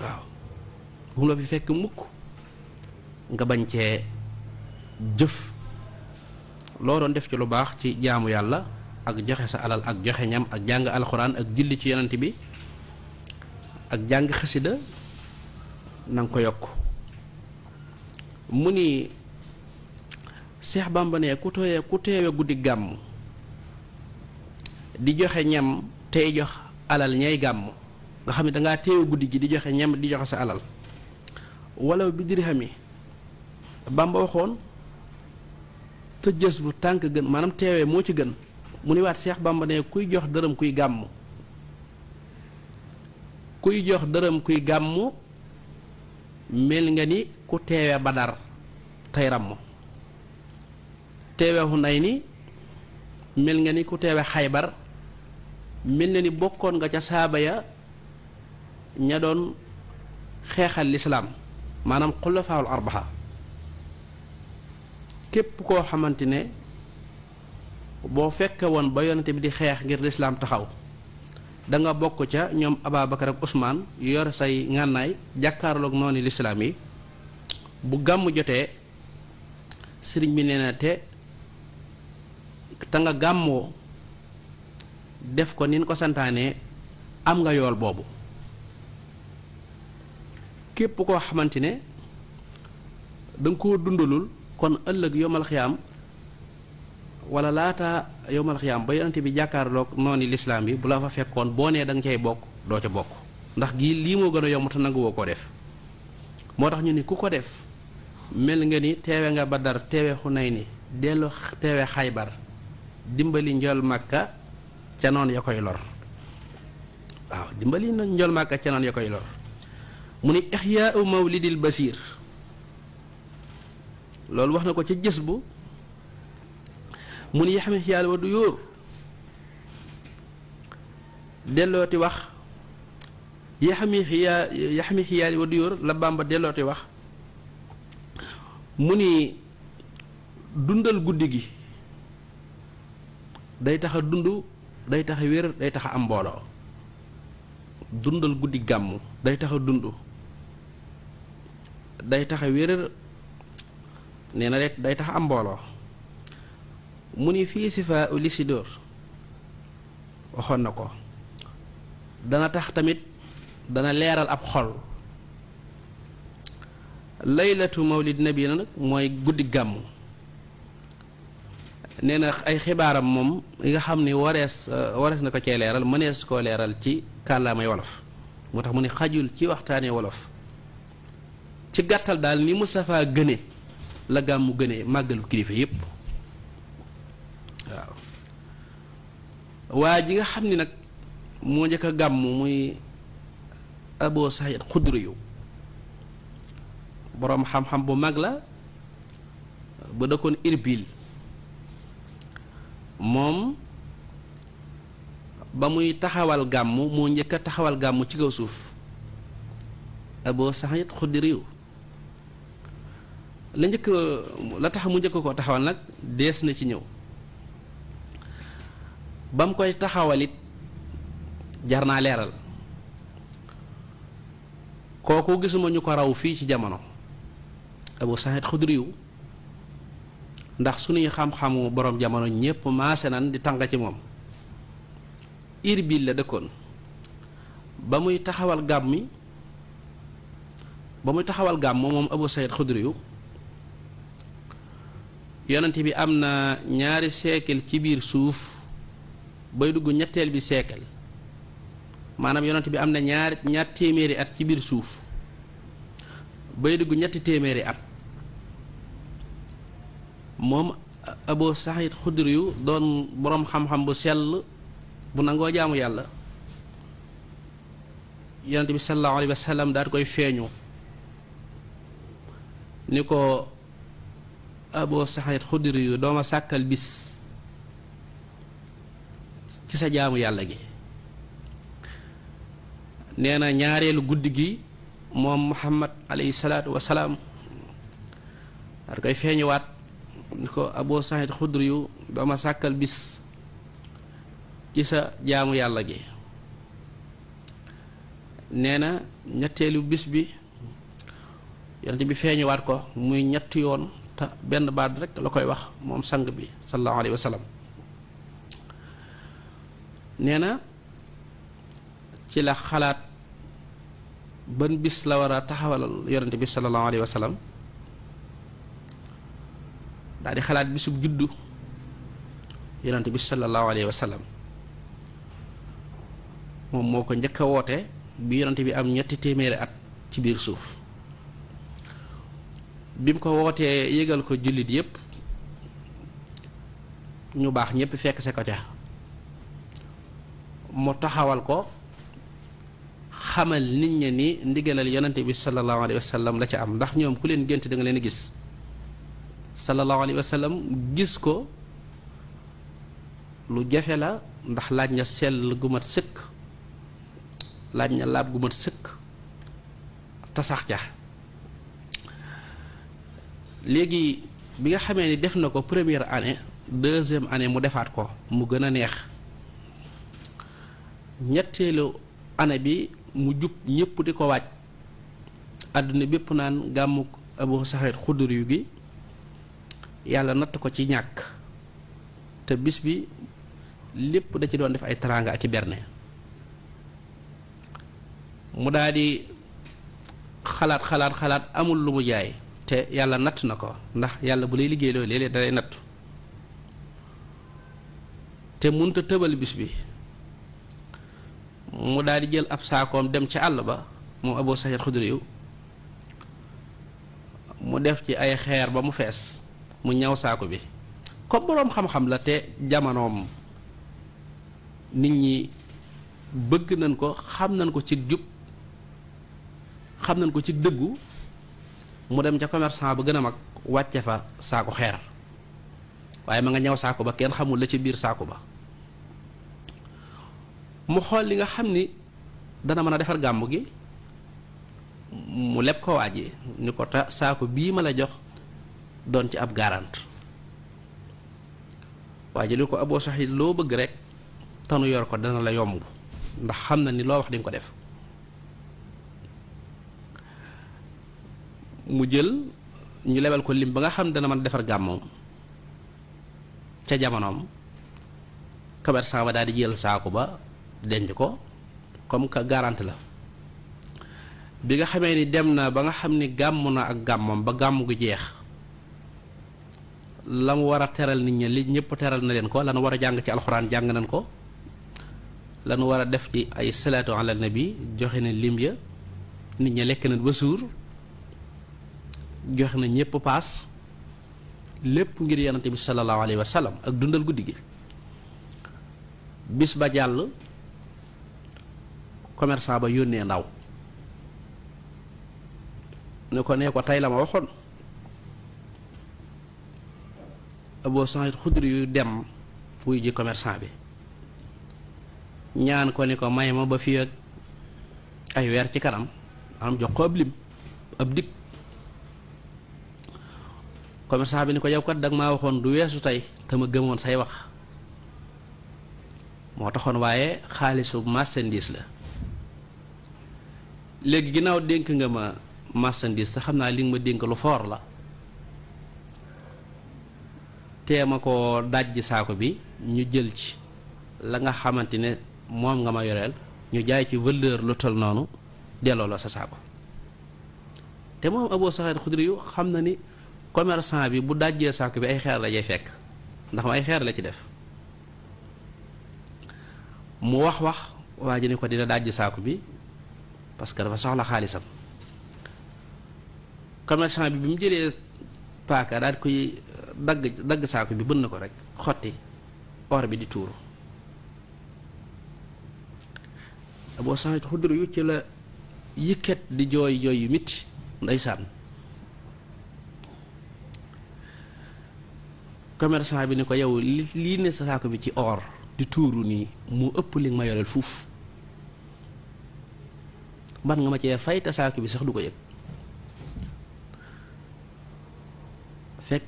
waaw bu mu la fi fekk mukk nga bañ cee jëf loo doon def ci lu baax ci jaamu yàlla ak joxe sa alal ak joxe ñam ak jàng alxuraan ak julli ci yonent bi ak jàng xasida na ko yokk mu ni Seex Bàmba ku teewe guddi gàmmu di joxe ñam tey jox alal ñay gàmmu nga xam ne dangaa teewe guddi gi di joxe ñem di joxe sa alal wala bi dirhami Bamba waxoon te bu tànk gën maanam teewe moo ci gën mu ni waat Seex Bamba ne kuy jox dërëm kuy gàmm kuy jox dërëm kuy gàmm mel nga ni ku teewe badar tey ràmm teewe xunday ni mel nga ni ku teewe xaybar mel na ni bokkoon nga ca saaba ya ña doon xeexal lislaam maanaam xulafaawul arbaxa képp koo xamante ne boo fekkee woon ba yonente bi di xeex ngir lislaam taxaw danga bokk ca ñoom Ababacar ak Ousmane yore say ngànnaay jàkkaarloog noonu lislaam yi bu gàmm jotee sëriñ bi nee na te te nga gàmmoo def ko ni ñu ko santaanee am nga yool boobu képp koo xamante ne da ko dundalul kon ëllëg yomal xiyaam wala laata yomal xiyaam ba yonante bi jàkkaarloog noonu lislaam bi bu la fa fekkoon boo nee da nga cay bokk doo ca bokk ndax gii lii moo gën a yomb te nanguwoo koo def moo tax ñu ni ku ko def mel nga ni teewe nga ba Badar teewe xunay ni dellu teewe xaybar dimbali njol makka ca noon ya koy lor waaw dimbali njol màkka ca noon ya koy lor mu ni ixyaau mawlidil basiir loolu wax na ko ca jës bu mu ni yaxme xiyaal wa du yóor dellooti wax yaxmi xiyaa wa du yóor la bàmba dellooti wax mu ni dundal guddi gi day tax a dund day tax a wér day tax a am mbooloo dundal guddi gàmmu day tax a dund day tax wér nee na day tax am mbooloo mu ni fii sifaa u lisidóor waxoon na ko dana tax tamit dana leeral ab xol laylatu mawlid nabi nag mooy guddi gàmmu nee na ay xibaaram moom yi nga xam ni warees warees na ko cee leeral mënees koo leeral ci kàllaamay wolof moo tax mu ni xajul ci waxtaanee wolof ci gàttal daal ni Moustapha gëne la gàmmu gënee màggalu kilifa yépp waaw waa ji nga xam ni nag moo njëkk a gàmm muy Abu Saïd Xudri yu boroom xam-xam bu mag la bu dëkkoon Irbil moom ba muy taxawal gàmm moo njëkk taxawal gàmm ci kaw suuf Abu Saïd Xudri yu la njëkk la tax mu njëkk koo taxawal nag des na ci ñëw ba mu koy it jar naa leeral kooku gisuma ñu ko raw fii ci jamono Abu Saïd Xudri yu ndax suñuy xam-xamu borom jamono ñépp maase nan di tànk ci moom bii la dëkkoon ba muy taxawal gàmm mi ba muy taxawal gàmm moom Abu Saïd Xudri yonent bi am na ñaari siècle ci biir suuf bay dugg ñetteel bi siècle maanaam yonent bi am na ñaari ñaar téeméeri at ci biir suuf bay dugg ñetti téeméeri at moom Abu Saxiid Xudri doon boroom xam-xam bu sell bu nangoo jaamu yàlla yonent bi sallallahu alayhi wa sallam daal koy feeñoo ni ko aboo saxanet xudiri yu dooma sàkkal bis ci sa jaamu yàlla gi nee na ñaareelu guddi gi moom muhammad alayhi salaatu wasalaam daal dooma sàkkal bis ci sa jaamu yàlla gi nee na ñetteelu bis bi yonent bi feeñuwaat ko muy ñetti yoon te benn baat rek la koy wax moom sang bi sallallahu alayhi wa sallam nee na ci la xalaat ban bis la war a taxawalal yonent bi sallallahu alayhi wa daal di xalaat bisub juddu yonent bi sallallahu alayhi wa moom moo ko njëkk a woote bi yonent bi am ñetti téeméeri at ci biir suuf bi mu ko wootee yëgal ko jullit yépp ñu baax ñépp fekk se ko ca mu taxawal ko xamal nit ña ni ndigalal yonante bi sallallahu alayhi wa sallam la ca am ndax ñoom ku leen gént danga leen gis sallallahu alayhi wa gis ko lu jafe la ndax laaj na sell gu mat sëkk laaj na laab gu mat sëkk tasax ja léegi bi nga xamee ni def na ko première année deuxième année mu defaat ko mu gën a neex ñetteelu année bi mu jub ñëpp di ko waaj àdduna bépp naan gàmmu Abu Saxiid Xudri yu gi yàlla natt ko ci ñàkk te bis bi lépp da ci doon def ay teraanga ak i berne mu daal di xalaat xalaat xalaat amul lu mu jaay te yàlla natt na ko ndax yàlla bu lay liggéey loolu léeg-léeg dalay nattu te munta tëbal bis bi mu daal di jël ab saakoom dem ca àll ba moom aboo Saxiid Xudri mu def ci ay xeer ba mu fees mu ñaw saako bi comme boroom xam-xam la te jamonoom nit ñi bëgg nañ ko xam nañ ko ci jub xam nañ ko ci dëggu mu dem ca commerçant ba gën a mag wàcce fa saako xeer waaye ma nga ñëw saako ba kenn xamul la ci biir saako ba mu xool li nga xam ni dana mën a defar gàmmu gi mu leb ko waaj yi ni ko ta saako bii ma la jox doon ci ab garant waa ji li ko aboo sax loo bëgg rek tanu yor ko dana la yomb ndax xam na ni loo wax di ko def mu jël ñu lebal ko lim ba nga xam dana mën defar gàmmoom ca jamonoom commerçant ba daal di jël saako ba denc ko comme que garante la bi nga xamee ni dem na ba nga xam ni gàmm na ak gàmmoom ba gàmm gi jeex la mu war a teral nit ñi li ñëpp teral na leen ko lan war a jàng ci alxuraan jàng nañ ko lan war a def ci ay salaatu ala joxe na lim ya nit ñi lekk nañ ba suur joxe na ñëpp paas lépp ngir yonante bi sallallahu alayhi wa ak dundal guddi gi bis ba jàll commerçant ba yónnee ndaw ne ko nee ko tey la ma waxoon Abu Saïd Xudri yu dem fuy ji commerçant bi ñaan ko ni ko may ma ba fi ak ay weer ci kanam maanaam jox ko ab lim ab dikk commerçant bi ni ko yow kat danga maa waxoon du weesu tey te ma gëmoon say wax moo taxoon waaye xaalisu marchandise la léegi ginnaaw dénk nga ma marchandise te xam naa li nga ma dénk lu foor la tee ma ko dajji saako bi ñu jël ci la nga xamante ne moom nga ma yoreel ñu jaay ci valeur lu tol noonu delloo la sa saako te moom Abu Saxiid Xudri xam na ni commerçant bi bu dajjee saako bi ay xeer la jay fekk ndax ma ay xeer la ci def mu wax wax waa ji ko dina dajji saako bi parce que dafa soxla xaalisam commerçant bi bi mu jëlee paaka daal koy euh, dagg dagg saako bi bënn ko rek xotti or bi di tuuru boo saxit xuddur yu ci la yëkkat di jooy jooy yu mitti ndeysaan commerçant bi ni ko yow li lii ne sa saako bi ci or di tuuru nii mu ëpp li nga ma yoreel fuuf ban nga ma cee fay te saako bi sax du ko yëg fekk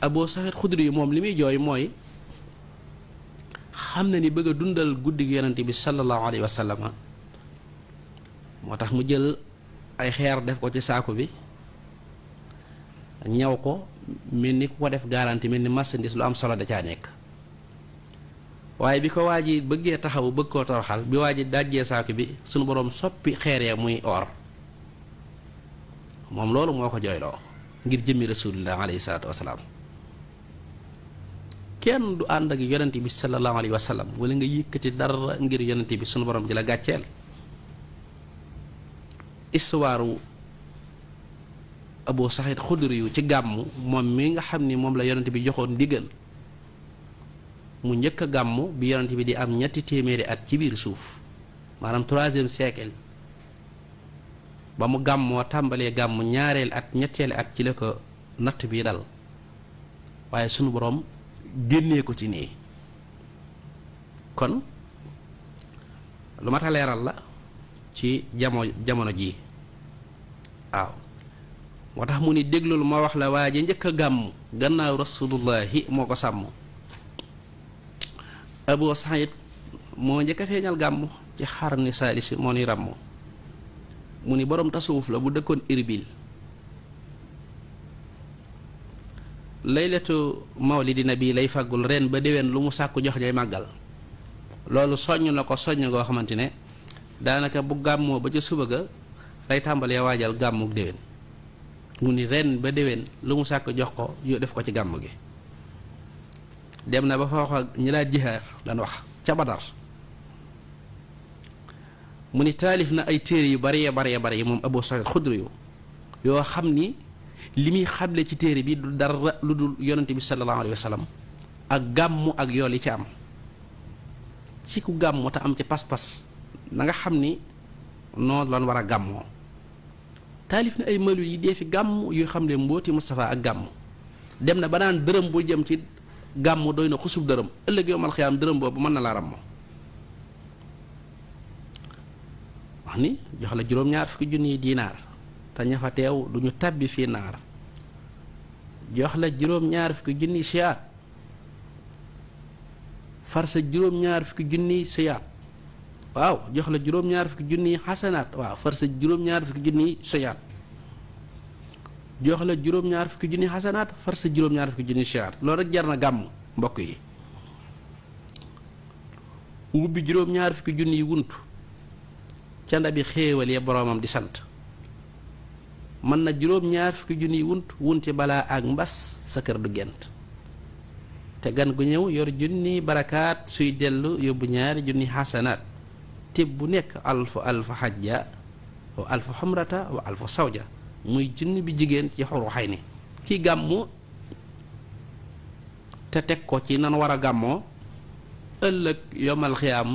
Abu Saïd Xudri yi moom li muy jooy mooy xam na ni bëgg a dundal guddi gi yonante bi sallallahu alayhi wa moo tax mu jël ay xeer def ko ci saako bi ñaw ko mel ni ku ko def garantie mel ni marchandise lu am solo da caa nekk waaye bi ko waa ji bëggee taxawu bëgg koo toroxal bi waa ji dajjee saako bi suñu boroom soppi xeeree muy or moom loolu moo ko jooyloo ngir jëmmi rasulillah alayhi wasalaam kenn du ànd ak yonente bi sallallahu alayhi wa sallam wala nga yëkkati dara ngir yonente bi suñu borom ji la gàcceel istuwaaru aboo Saxiid Xudri yu ci gàmmu moom mi nga xam ni moom la yonent bi joxoon ndigal mu njëkk a gàmmu bi yonent bi di am ñetti téeméeri at ci biir suuf maanaam troisième siècle ba mu gàmmoo tàmbalee gàmmu ñaareel at ñetteeli at ci la ko natt bi dal waaye sunu boroom génnee ko ci nii kon lu mat a leeral la ci jamono jamono ji waaw moo tax mu ni déglul ma wax la waa ji njëkk a gàmm gannaaw rasulullahi moo ko sàmm Abu Saïd moo njëkk a feeñal gàmmu ci xarni saalisi moo ni ràmm mu ni boroom tasawuf la bu dëkkoon irbil laylatu dina bii lay faggul ren ba déwén lu mu sàkku jox ñay màggal loolu soññ na ko soññ ngoo xamante ne daanaka bu gàmmoo ba ca suba ga day tàmbalee waajal gàmmuk déwén mu ni ren ba déwén lu mu sàkk jox ko yo def ko ci gàmm gi dem na ba foofa ñi laa jihaar lan wax ca badar mu ni taalif na ay téere yu bare bare bare yi moom Abu Saïd Xudri yu yoo xam ni li muy xable ci téere bi du dara lu dul yonante bi sallallahu alayhi wa ak gàmm ak yool yi ci am ci ku gàmmu te am ci pas-pas na nga xam ni noonu lan war a gàmmoo taalif na ay malu yi dee fi gàmm yu xam ne mbooti Moustapha ak gàmm dem na ba naan dërëm bu jëm ci gàmm doy na xusub dërëm ëllëg yomal xiyaam dërëm boobu mën na laa ràmm wax ni jox la juróom-ñaar fukki junniy diinaar te ña fa teew du ñu tàbbi fii naar jox la juróom-ñaar fukki junniy siyaat far sa juróom-ñaar fukki junniy siyaat waaw jox la juróom-ñaar fukki junniy xasanaat waaw far sa juróom-ñaar fukki junniy sayaat jox la juróom-ñaar fukki junniy xasanaat far sa juróom-ñaar fukki junniy jar na gàmm mbokk yi wubbi juróom-ñaar fukki junniy wunt ca ndabi xéewal ya boroomam di sant mën na juróom-ñaar fukki junniy wunt wunti balaa ak mbas sa kër du gent te gan gu ñëw yor junni barakaat suy dellu yóbbu ñaari junni xasanaat téb bu nekk alfu alfa ja wa alfu xamrata wa alfu sawja muy junni bi jigéen ci xoru xay ni ki gàmmu te teg ko ci nan war a gàmmoo ëllëg yomal xiyaam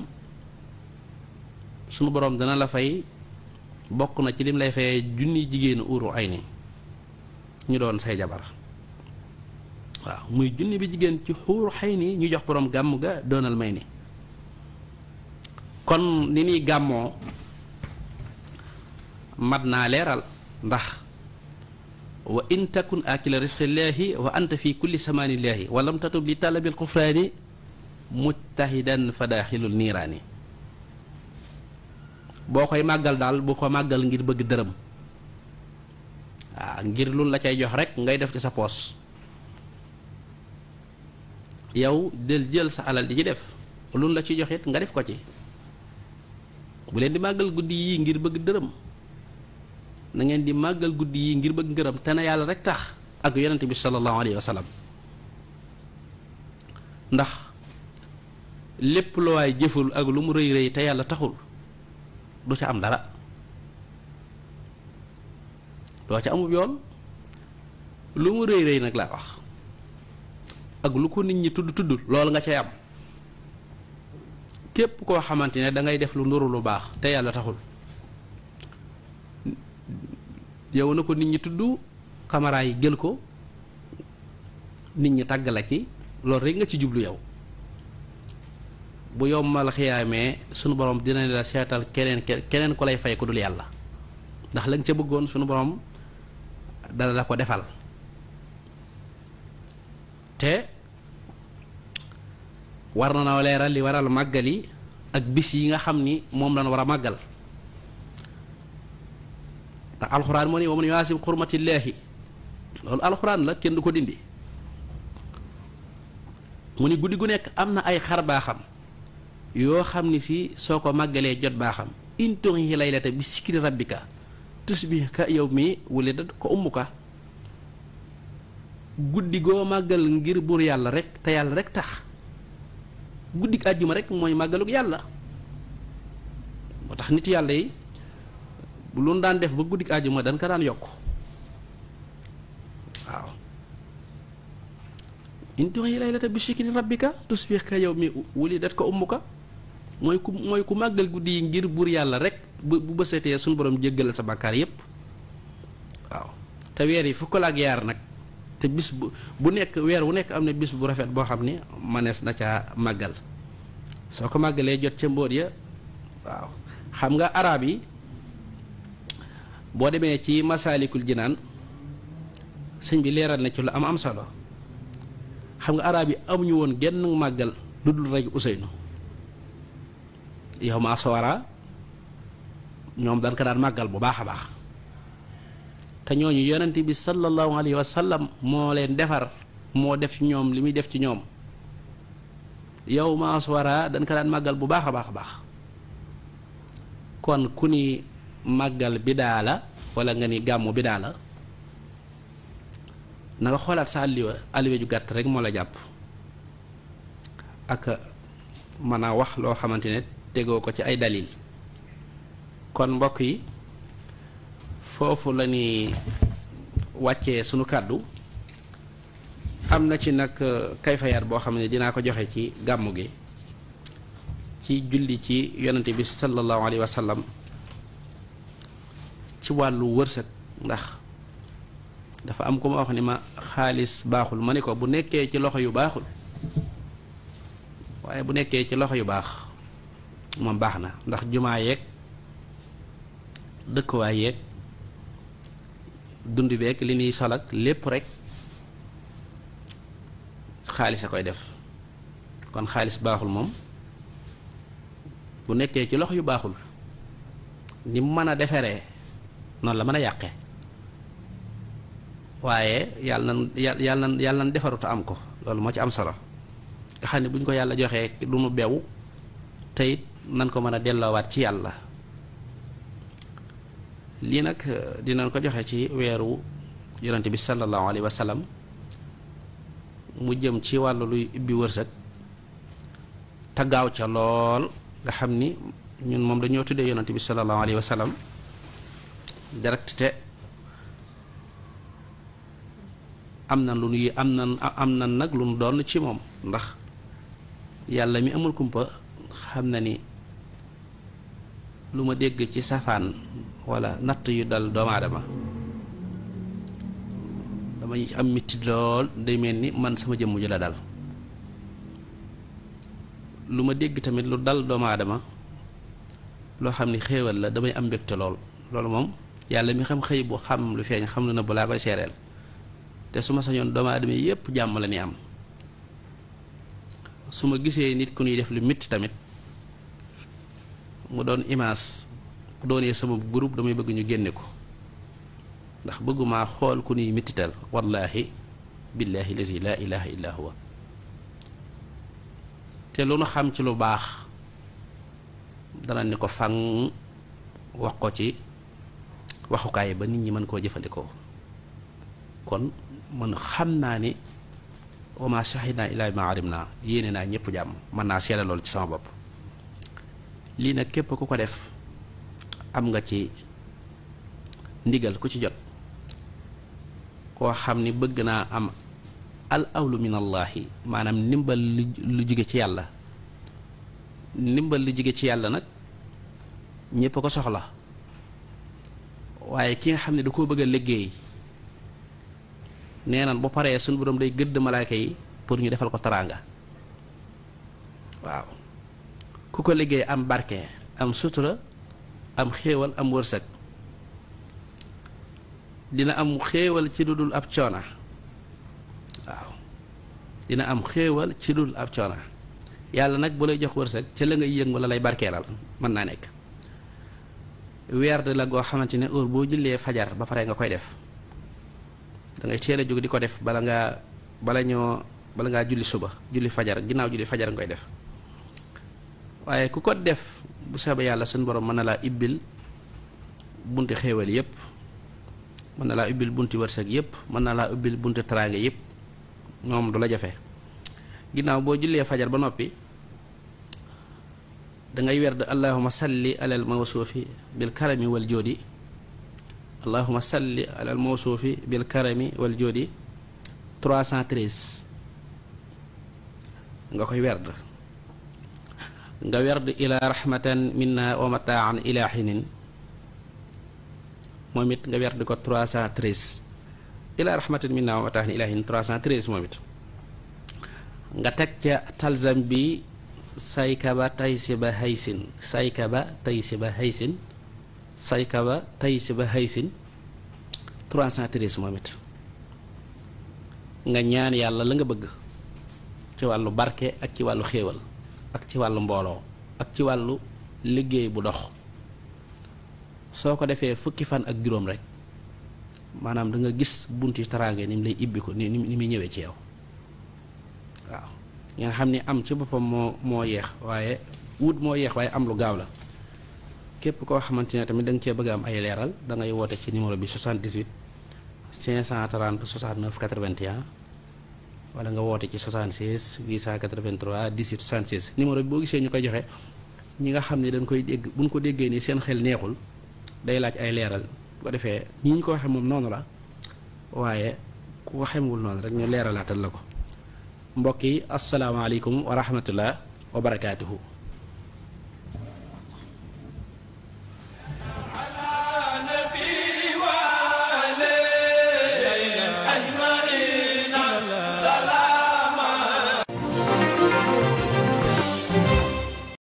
sunu boroom dana la fay bokk na ci lim lay fayee junni jigéenu uru ay ni ñu doon say jabar waaw muy junni bi jigéen ci xuur xay ni ñu jox boroom gàmm ga doonal may ni kon ni nuy gàmmoo mat naa leeral ndax wa in takun akila risqillaahi wa anta fi kulli samaanillaahi wa lam tatub li talabil kufraani mujtahidan fa daaxilul niiraani boo koy màggal daal bu ko màggal ngir bëgg dërëm waaw ngir lu la cay jox rek ngay def ci sa poos yow del jël sa alal di ci def lu la ci jox nga def ko ci bu leen di màggal guddi yii ngir bëgg dërëm na ngeen di màggal guddi yii ngir bëgg ngërëm te na yàlla rek tax ak yonente bi sallallahu alayhi wa ndax lépp lu waaye jëful ak lu mu rëy rëy te yàlla taxul du ca am dara doo ca amub yoon lu mu rëy rëy nag laa wax ak lu ko nit ñi tudd tudd loolu nga cee am képp koo xamante ne da ngay def lu nuru lu baax te yàlla taxul yow na ko nit ñi tudd caméra yi jël ko nit ñi tàgg la ci loolu rek nga ci jublu yow bu yommal xiyaamee sunu borom dina la seetal keneen keneen ko lay fay ko dul yàlla ndax lañ nga ca bëggoon sunu borom dana la ko defal te war na noo leeral li waral màggal yi ak bis yi nga xam ni moom lañ war a màggal ndax alxuraan moo ne wa man yuasim loolu alxuraan la kenn du ko dindi mu ni guddi gu nekk am na ay xar baaxam yoo xam ni si soo ko màggalee jot baaxam intoxi laylata bi sikri rabbika tusbihka yawmi wulidat ko ummuka guddi goo màggal ngir buur yàlla rek te yàlla rek tax guddi àjjuma rek mooy màggalug yàlla moo tax nit yàlla yi bu loon daan def ba guddi àjjuma dañ ko daan yokk waaw in tu'i laylata bi shikri rabbika tusbih ka yow mi wulidat ko ummuka mooy ku mooy ku màggal guddi yi ngir buur yàlla rek bu bu bësetee suñu borom jéggalal sa bàkkaar yépp waaw te weer yi fukk ak yaar nag te bis bu bu nekk weer wu nekk am na bis bu rafet boo xam ne manees na caa màggal soo ko màggalee jot ca mbóot ya waaw xam nga araab yi boo demee ci masaalikul jinaan sëñ bi leeral na ci lu am am solo xam nga arab yi amuñu woon genn màggal lu dul rek Ousseynou yow ma sowara ñoom dañ ko daan màggal bu baax a baax te ñooñu yonent bi sallallahu alayhi wa sallam moo leen defar moo def ñoom li muy def ci ñoom yow ma aswara dañ ko daan màggal bu baax a baax a baax kon ku ni màggal bidaa la wala nga ni gàmmu bidaa la na nga xoolaat sa alliwa alliwa ju gàtt rek moo la jàpp ak mën a wax loo xamante ne tegoo ko ci ay dalil kon mbokk yi foofu la ñuy wàcce sunu kàddu am na ci nag euh, kayfayaat boo xam ne dinaa ko joxe ci gàmmu gi ci julli ci yonante bi sallallahu alayhi wa ci wàllu wërsëg ndax dafa am ku ma wax ni ma xaalis baaxul ma ni ko bu nekkee ci loxo yu baaxul waaye bu nekkee ci loxo yu baax moom baax na ndax jumaa yeeg dëkkuwaay yeeg dund beeg li ñuy sol lépp rek xaalis a koy def kon xaalis baaxul moom bu nekkee ci loxo yu baaxul ni mu mën a defaree noonu la mën a yàqee waaye yàlla nan yàlla nan yàlla nan defaruta am ko loolu moo ci am solo nga xam ne buñ ko yàlla joxee du mu bew te nan ko mën a delloowaat ci yàlla lii nag eh, dinañ ko joxe ci weeru yonent bi sallallahu alayhi wa sallam mu jëm ci wàllu luy ubbi wërsëg taggaaw ca lool nga xam ni ñun moom dañoo tuddee yonent bi sallallahu alayhi wa sallam direct te am na lu nu am na am na nag lu nu doon ci moom ndax yàlla mi amul kumpa xam na ni lu ma dégg ci safaan wala natt yu dal doomu aadama damay am métti lool day mel ni man sama jëmm ji la dal lu ma dégg tamit lu dal doomaadama loo xam ni xéewal la damay am mbégte lool loolu moom yàlla mi xam xëy bu xam lu feeñ xam na na bu laa koy seereel te su ma sañoon doomu aadama yépp jàmm la ni am su ma gisee nit ku ñuy def lu métti tamit mu doon image doonee sama groupe damay bëgg ñu génne ko ndax bëgguma xool ku nuy mettital wallaahi billaahi lazi laa ilaaha illaa huwa te lu nu xam ci lu baax dana ni ko fang wax ko ci waxukaay ba nit ñi mën koo jëfandikoo kon mën xam naa ni wama shahidnaa illaa bimaa alimnaa yéene naa ñëpp jàmm mën naa seela lool ci sama bopp lii nag képp ku ko def am nga ci ndigal ku ci jot koo xam ni bëgg naa am al awlu min allaahi maanaam ndimbal lu jóge ci yàlla ndimbal lu jóge ci yàlla nag ñépp ko soxla waaye ki nga xam ne da koo bëgg liggéey nee nan bu paree suñu boroom day gëdd malaaka yi pour ñu defal ko taraanga waaw ku ko liggéey am barke am sutura am xéewal am wërsëg dina am xéewal ci lu dul ab coona waaw dina am xéewal ci lu dul ab coona yàlla nag bu lay jox wërsëg ci la ngay yëngu la lay barkeelal mën naa nekk weer de la goo xamante ne heure boo jullee fajar ba pare nga koy def da ngay a jóg di ko def bala ngaa bala ñoo bala ngaa julli suba julli fajar ginnaaw julli fajar nga koy def waaye ku ko def bu soobee yàlla suñ borom mën na laa ibbil bunti xéewal yépp mën na laa ubbil bunti wërsëg yépp mën na laa ubbil bunti taraange yépp moom du la jafe ginnaaw boo jullee fajar ba noppi dangay werd allahuma salli alal mawsuufi bil karami wal jóodi allahuma salli alal mawsuufi bil karami wal jóodi 313 nga koy werd nga werd ilaa rahmatan minna wa mataan ilaa moom it nga werd ko 313 ilaa rahmatan minna wa mataan ilaa xinin 313 moom it nga teg ca talzam bi sayka ba tay si haysin sayka ba tay si ba haysin sayka ba tay si ba moom it nga ñaan yàlla la nga bëgg ci wàllu barke ak ci wàllu xéewal ak ci wàllu mbooloo ak ci wàllu liggéey bu dox soo ko defee fukki fan ak juróom rek maanaam danga gis bunt yu taraange ni mu lay ibbi ko ni ni muy ñëwee ci yow waaw ngeen xam ni am ci boppam moo moo yeex waaye wut moo yeex waaye am lu gaaw la képp koo xamante ne tamit danga cee bëgg am ay leeral dangay woote ci numéro bi 78 530 69 81 wala nga woote ci 76 883 18 76 numéro bi boo gisee ñu koy joxe ñi nga xam ne dañ koy dégg buñ ko déggee nii seen xel neexul day laaj ay leeral bu ko defee nii ñu ko waxee moom noonu la waaye ku ko xamewul noonu rek ñu leeralaatal la ko mbokk yi asalaamaaleykum wa rahmatullah wa barakaatuhu.